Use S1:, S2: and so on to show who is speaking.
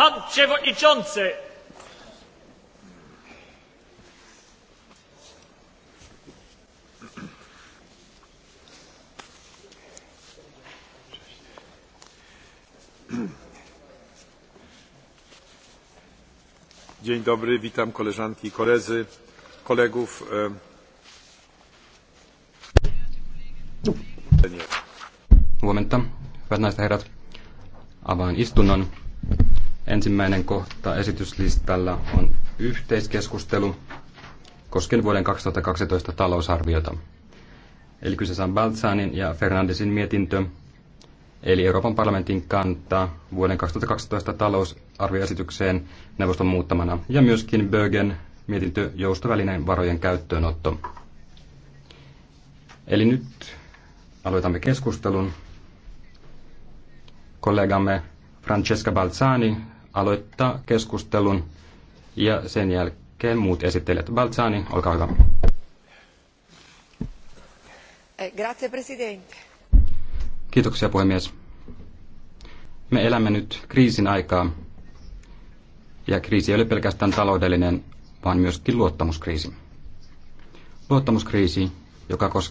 S1: Pan przewodniczący!
S2: Dzień dobry, witam koleżanki i koledzy, kolegów.
S3: Huomenta, e, hyvät naiset herrat. Avaan istunnon. Ensimmäinen kohta esityslistalla on yhteiskeskustelu koskien vuoden 2012 talousarviota. Eli kyseessä on Baltsanin ja Fernandesin mietintö, eli Euroopan parlamentin kantaa vuoden 2012 talousarvioesitykseen neuvoston muuttamana, ja myöskin Bögen mietintö joustovälineen varojen käyttöönotto. Eli nyt aloitamme keskustelun. Kollegamme Francesca Balzani aloittaa keskustelun ja sen jälkeen muut esittelijät. Balzani, olkaa hyvä.
S4: Eh, grazie, presidente.
S3: Kiitoksia, puhemies. Me elämme nyt kriisin aikaa, ja kriisi ei ole pelkästään taloudellinen, vaan myöskin luottamuskriisi. Luottamuskriisi, joka koskee